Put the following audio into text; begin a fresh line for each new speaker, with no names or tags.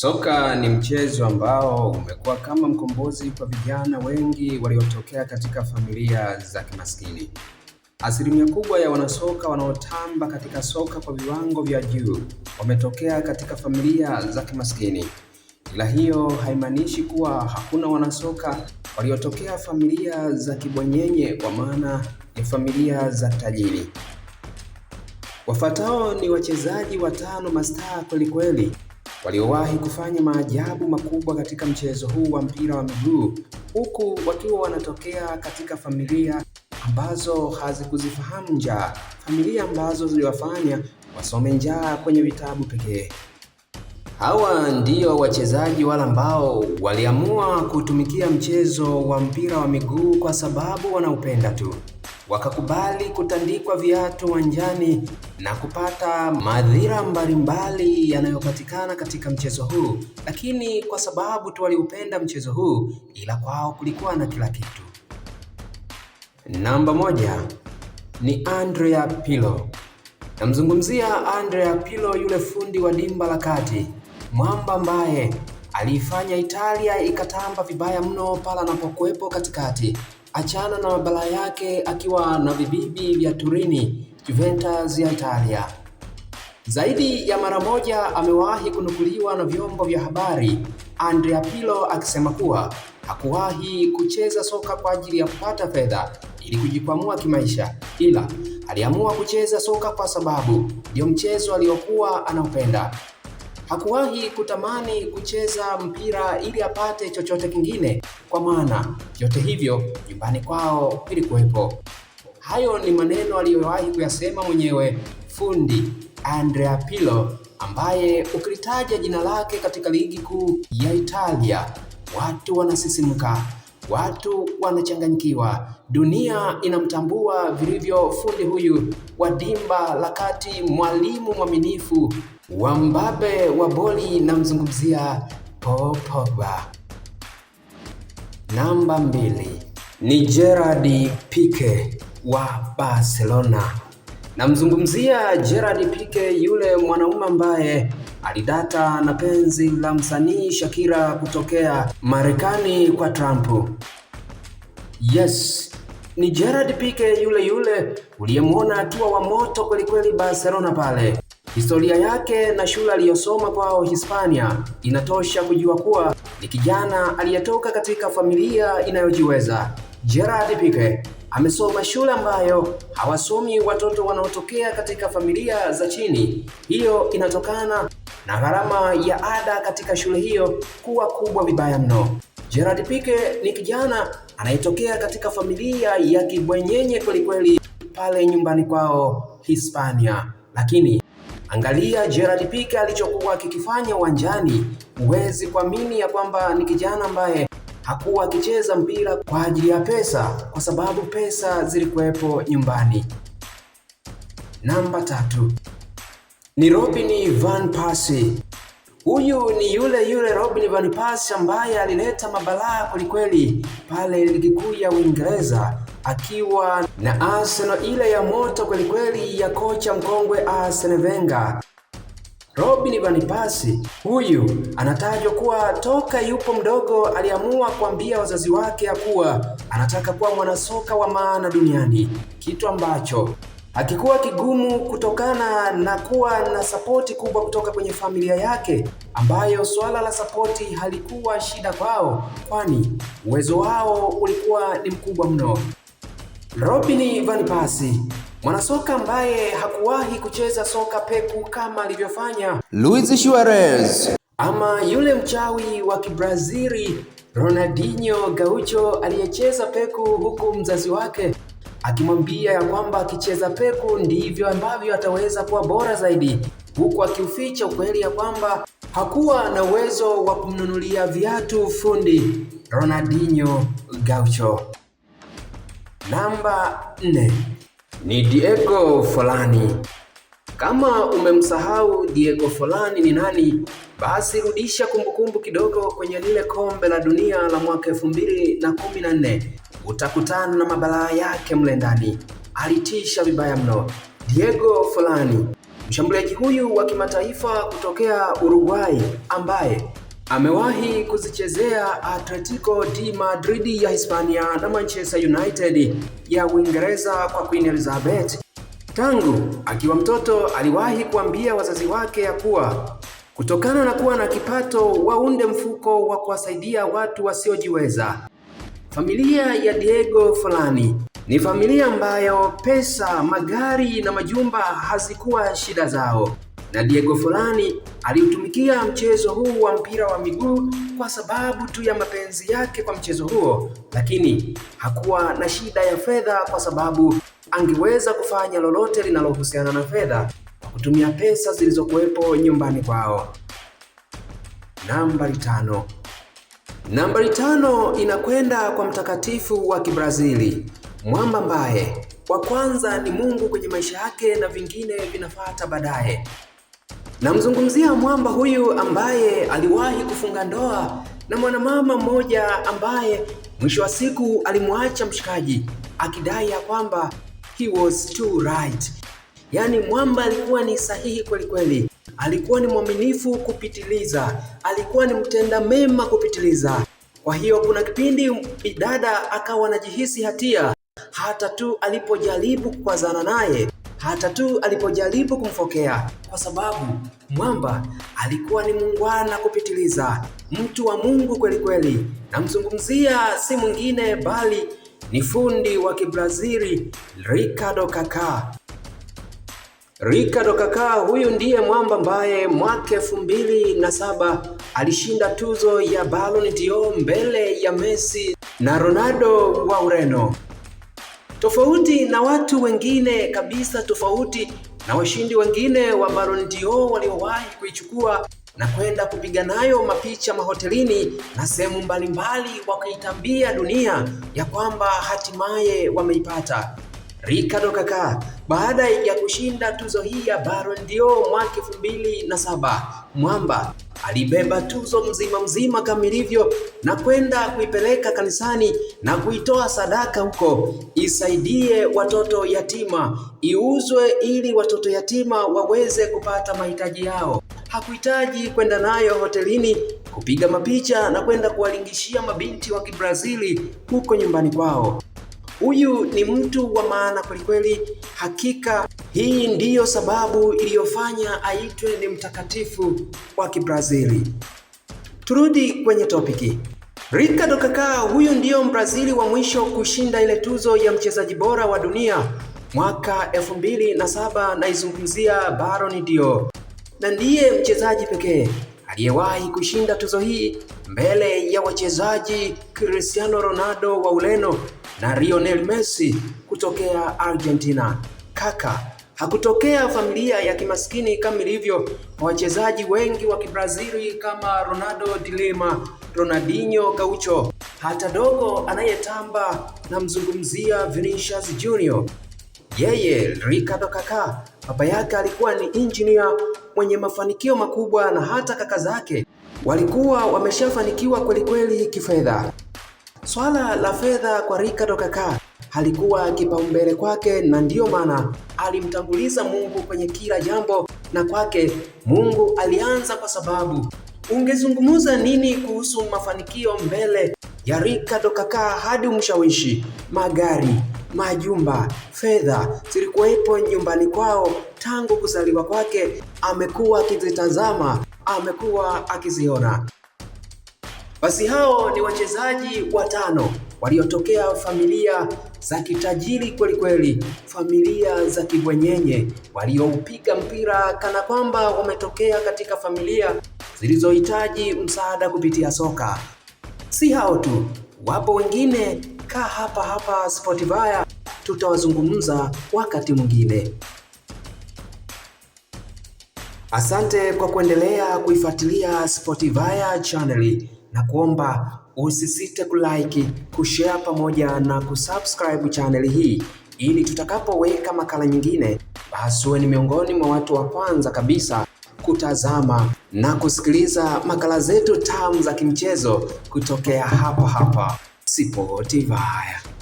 Soka ni mchezo ambao umekuwa kama mkombozi kwa vijana wengi waliotokea katika familia za kimaskini. Asilimia kubwa ya wanasoka wanaotamba katika soka kwa viwango vya juu wametokea katika familia za kimaskini. Ila hiyo haimaanishi kuwa hakuna wanasoka waliotokea familia za kibwanyenye, kwa maana ya familia za tajiri. Wafuatao ni wachezaji watano mastaa kwelikweli waliowahi kufanya maajabu makubwa katika mchezo huu wa mpira wa miguu, huku wakiwa wanatokea katika familia ambazo hazikuzifahamu njaa, familia ambazo ziliwafanya wasome njaa kwenye vitabu pekee. Hawa ndio wachezaji wale ambao waliamua kutumikia mchezo wa mpira wa miguu kwa sababu wanaupenda tu wakakubali kutandikwa viatu uwanjani na kupata madhira mbalimbali yanayopatikana katika mchezo huu, lakini kwa sababu tu waliupenda mchezo huu, ila kwao kulikuwa na kila kitu. Namba moja ni Andrea Pirlo. Namzungumzia Andrea Pirlo, yule fundi wa dimba la kati, mwamba ambaye aliifanya Italia ikatamba vibaya mno pale anapokuwepo katikati achana na mabala yake akiwa na vibibi vya Turini, Juventus ya Italia. Zaidi ya mara moja amewahi kunukuliwa na vyombo vya habari, Andrea Pirlo akisema kuwa hakuwahi kucheza soka kwa ajili ya kupata fedha ili kujikwamua kimaisha, ila aliamua kucheza soka kwa sababu ndio mchezo aliokuwa anaupenda hakuwahi kutamani kucheza mpira ili apate chochote kingine, kwa maana vyote hivyo nyumbani kwao vilikuwepo. Hayo ni maneno aliyowahi kuyasema mwenyewe fundi Andrea Pirlo, ambaye ukilitaja jina lake katika ligi kuu ya Italia, watu wanasisimka, watu wanachanganyikiwa, dunia inamtambua vilivyo fundi huyu wa dimba la kati, mwalimu mwaminifu wa mbabe wa boli, namzungumzia Paul Pogba. Namba mbili ni Gerard Pique wa Barcelona. Namzungumzia Gerard Pique, yule mwanaume ambaye alidata na penzi la msanii Shakira kutokea Marekani kwa Trump. Yes, ni Gerard Pique yule yule uliyemwona akiwa wa moto kwelikweli Barcelona pale. Historia yake na shule aliyosoma kwao Hispania inatosha kujua kuwa ni kijana aliyetoka katika familia inayojiweza. Gerard Pique amesoma shule ambayo hawasomi watoto wanaotokea katika familia za chini. Hiyo inatokana na gharama ya ada katika shule hiyo kuwa kubwa vibaya mno. Gerard Pique ni kijana anayetokea katika familia ya kibwenyenye kwelikweli pale nyumbani kwao Hispania, lakini angalia Gerard Pique alichokuwa akikifanya uwanjani. Huwezi kuamini ya kwamba ni kijana ambaye hakuwa akicheza mpira kwa ajili ya pesa, kwa sababu pesa zilikuwepo nyumbani. Namba tatu ni Robin van Persie. Huyu ni yule yule Robin van Persie ambaye alileta mabalaa kwelikweli pale ligi kuu ya Uingereza akiwa na Arsenal ile ya moto kwelikweli ya kocha mkongwe Arsene Wenger. Robin van Persie huyu anatajwa kuwa toka yupo mdogo aliamua kuambia wazazi wake ya kuwa anataka kuwa mwanasoka wa maana duniani, kitu ambacho hakikuwa kigumu kutokana na kuwa na sapoti kubwa kutoka kwenye familia yake, ambayo suala la sapoti halikuwa shida kwao, kwani uwezo wao ulikuwa ni mkubwa mno. Robin van Persie mwanasoka ambaye hakuwahi kucheza soka peku kama alivyofanya Luis Suarez ama yule mchawi wa Kibrazili Ronaldinho Gaucho aliyecheza peku huku mzazi wake akimwambia ya kwamba akicheza peku ndivyo ambavyo ataweza kuwa bora zaidi, huku akiuficha ukweli ya kwamba hakuwa na uwezo wa kumnunulia viatu fundi Ronaldinho Gaucho. Namba 4 ni Diego Forlani. Kama umemsahau Diego Forlani ni nani, basi rudisha kumbukumbu kidogo kwenye lile kombe la dunia la mwaka 2014 utakutana na mabalaa yake mle ndani. Alitisha vibaya mno Diego Forlani, mshambuliaji huyu wa kimataifa kutokea Uruguay ambaye amewahi kuzichezea Atletico de Madrid ya Hispania na Manchester United ya Uingereza kwa Queen Elizabeth Tangu akiwa mtoto aliwahi kuambia wazazi wake ya kuwa kutokana na kuwa na kipato waunde mfuko wa kuwasaidia watu wasiojiweza. Familia ya Diego Fulani ni familia ambayo pesa, magari na majumba hazikuwa shida zao, na Diego Fulani aliutumikia mchezo huu wa mpira wa miguu kwa sababu tu ya mapenzi yake kwa mchezo huo, lakini hakuwa na shida ya fedha kwa sababu angeweza kufanya lolote linalohusiana na fedha kwa kutumia pesa zilizokuwepo nyumbani kwao. Nambari tano. Nambari tano inakwenda kwa mtakatifu wa Kibrazili mwamba mbaye wa kwanza ni Mungu kwenye maisha yake na vingine vinafata baadaye. Namzungumzia mwamba huyu ambaye aliwahi kufunga ndoa na mwanamama mmoja ambaye mwisho wa siku alimwacha mshikaji akidai ya kwamba he was too right. Yaani mwamba alikuwa ni sahihi kweli kweli, alikuwa ni mwaminifu kupitiliza, alikuwa ni mtenda mema kupitiliza. Kwa hiyo kuna kipindi bidada akawa anajihisi hatia, hata tu alipojaribu kukwazana naye, hata tu alipojaribu kumfokea, kwa sababu mwamba alikuwa ni mungwana kupitiliza, mtu wa Mungu kweli kweli. Namzungumzia si mwingine bali ni fundi wa Kibrazili Ricardo Kaká. Ricardo Kaká huyu ndiye mwamba ambaye mwaka elfu mbili na saba alishinda tuzo ya Ballon d'Or mbele ya Messi na Ronaldo wa Ureno. Tofauti na watu wengine kabisa, tofauti na washindi wengine wa Ballon d'Or waliowahi kuichukua na kwenda kupiga nayo mapicha mahotelini na sehemu mbalimbali, kuitambia dunia ya kwamba hatimaye wameipata. Ricardo Kaka baada ya kushinda tuzo hii ya Ballon d'Or mwaka elfu mbili na saba, mwamba alibeba tuzo mzima mzima kama ilivyo na kwenda kuipeleka kanisani na kuitoa sadaka huko, isaidie watoto yatima, iuzwe ili watoto yatima waweze kupata mahitaji yao hakuhitaji kwenda nayo hotelini kupiga mapicha na kwenda kuwalingishia mabinti wa Kibrazili huko nyumbani kwao. Huyu ni mtu wa maana kwelikweli. Hakika hii ndiyo sababu iliyofanya aitwe ni mtakatifu wa Kibrazili. Turudi kwenye topiki. Ricardo Kaká, huyu ndiyo Mbrazili wa mwisho kushinda ile tuzo ya mchezaji bora wa dunia mwaka 2007 naizungumzia Ballon d'Or na ndiye mchezaji pekee aliyewahi kushinda tuzo hii mbele ya wachezaji Cristiano Ronaldo wa Ureno na Lionel Messi kutokea Argentina. Kaka hakutokea familia ya kimaskini kama ilivyo wachezaji wengi wa Kibrazili kama Ronaldo de Lima, Ronaldinho Gaucho, hata dogo anayetamba na mzungumzia Vinicius Junior, yeye Ricardo Kaka Baba yake alikuwa ni injinia mwenye mafanikio makubwa na hata kaka zake walikuwa wameshafanikiwa kwelikweli kifedha. Swala la fedha kwa Ricardo kaka halikuwa kipaumbele kwake, na ndiyo maana alimtanguliza Mungu kwenye kila jambo, na kwake Mungu alianza kwa sababu. Ungezungumza nini kuhusu mafanikio mbele toka kaa hadi umshawishi magari, majumba, fedha zilikuwepo nyumbani kwao tangu kuzaliwa kwake. Amekuwa akizitazama, amekuwa akiziona. Basi hao ni wachezaji watano waliotokea familia za kitajiri kweli kweli, familia za kibwenyenye, walioupiga mpira kana kwamba wametokea katika familia zilizohitaji msaada kupitia soka. Si hao tu, wapo wengine. Kaa hapa hapa Spotify, tutawazungumza wakati mwingine. Asante kwa kuendelea kuifuatilia Spotify chaneli na kuomba usisite kulike, kushare pamoja na kusubscribe chaneli hii ili tutakapoweka makala nyingine basi uwe ni miongoni mwa watu wa kwanza kabisa kutazama na kusikiliza makala zetu tamu za kimchezo kutokea hapa hapa sipoti Sportiva.